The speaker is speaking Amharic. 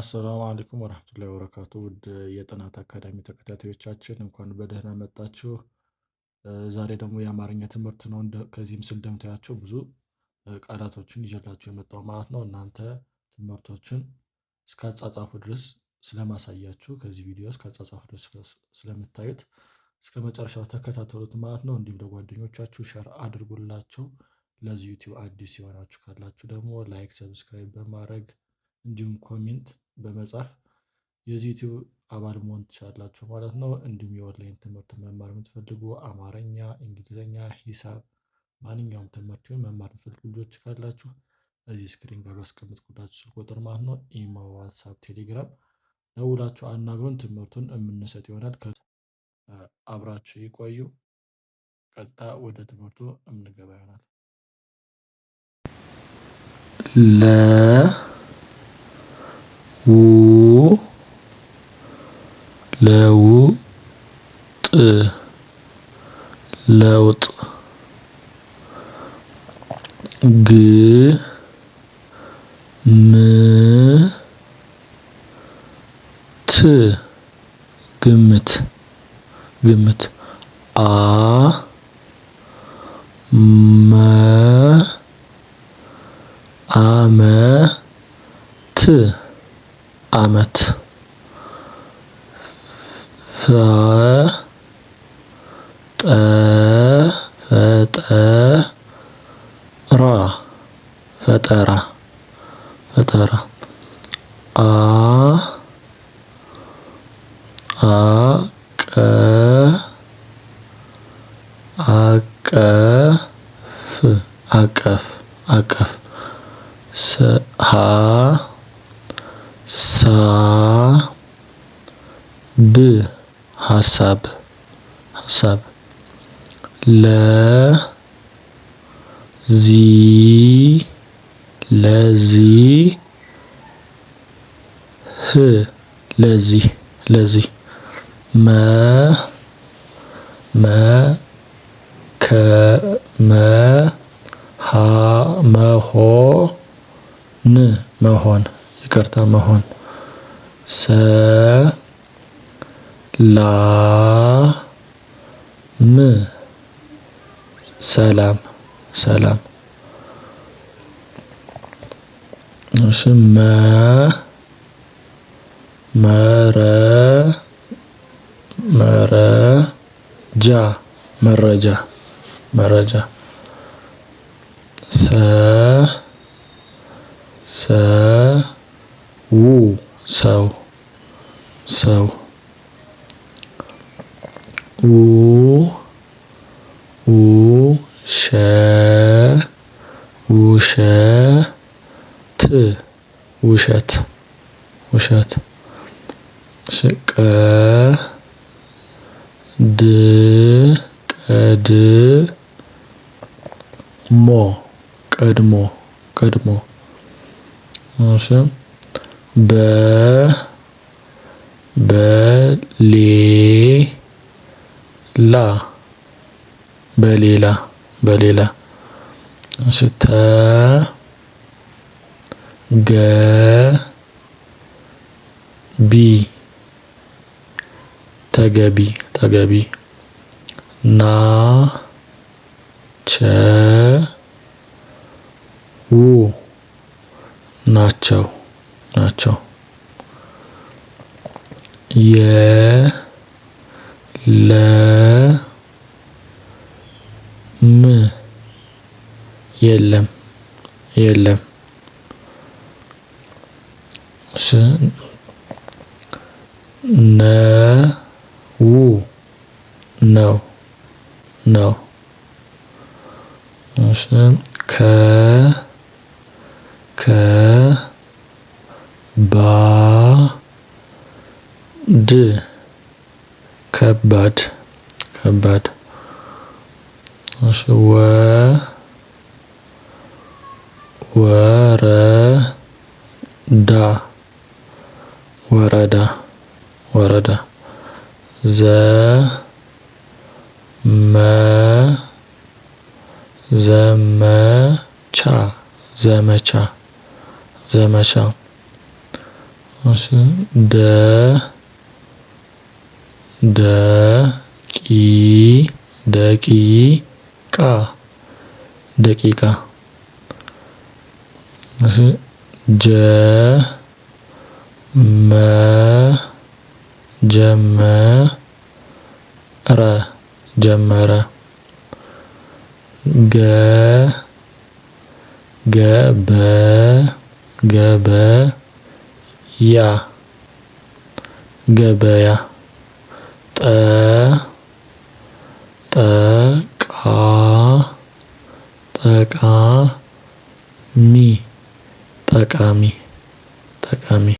አሰላሙ አለይኩም ወረህመቱላሂ ወበረካቱ ውድ የጥናት አካዳሚ ተከታታዮቻችን እንኳን በደህና መጣችሁ። ዛሬ ደግሞ የአማርኛ ትምህርት ነው። ከዚህ ምስል እንደምታያቸው ብዙ ቃላቶችን ይዤላችሁ የመጣው ማለት ነው። እናንተ ትምህርቶችን እስካጻጻፉ ድረስ ስለማሳያችሁ ከዚህ ቪዲዮ እስካጻጻፉ ድረስ ስለምታዩት እስከ መጨረሻው ተከታተሉት ማለት ነው። እንዲሁም ለጓደኞቻችሁ ሸር አድርጉላቸው። ለዚህ ዩቲዩብ አዲስ የሆናችሁ ካላችሁ ደግሞ ላይክ፣ ሰብስክራይብ በማድረግ እንዲሁም ኮሜንት በመጻፍ የዚህ ዩቲዩብ አባል መሆን ትችላላችሁ ማለት ነው። እንዲሁም የኦንላይን ትምህርት መማር የምትፈልጉ አማርኛ፣ እንግሊዝኛ፣ ሂሳብ ማንኛውም ትምህርት ይሁን መማር የምትፈልጉ ልጆች ካላችሁ እዚህ ስክሪን ጋር ባስቀመጥኩላችሁ ስልክ ቁጥር ማለት ነው ኢሞ፣ ዋትሳፕ፣ ቴሌግራም ደውላችሁ አናግሩን። ትምህርቱን የምንሰጥ ይሆናል። አብራችሁ ይቆዩ። ቀጥታ ወደ ትምህርቱ የምንገባ ይሆናል። ለ ለውጥ ለውጥ ግ ም ት ግምት ግምት አ መ አመ ት فعمت فع ط فطرا فطرا فطرا ا አቀፍ አቀፍ አቀፍ ሳ ብ ሀሳብ ሀሳብ ለ ዚ ለዚህ ህ ለዚህ ለዚህ መ መ ከ መ ሀ መሆ መሆን ይቅርታ መሆን س لا م سلام سلام ما مرا مرا جا مرا جا مرا جا س س و ሰው ሰው ው ውሸ ውሸት ውሸት ውሸት ቀ ድ ቀድ ሞ ቀድሞ ቀድሞ እሺ በ በሌላ በሌላ በሌላ ስተ ገ ቢ ተገቢ ተገቢ ና ቸ ው ናቸው ናቸው። የ ለ ም የለም የለም። ስ ነ ው ነው ነው። ከ ከ ባድ ከባድ ከባድ ወ ወረዳ ወረዳ ወረዳ ዘ መ ዘመቻ ዘመቻ ዘመቻ maksudnya da da ki daki ka dakika maksudnya ja ma jama ra jamara ga gaba gaba Iya. Ya, gak bayar. Tak, tak a, tak mi, tak a mi.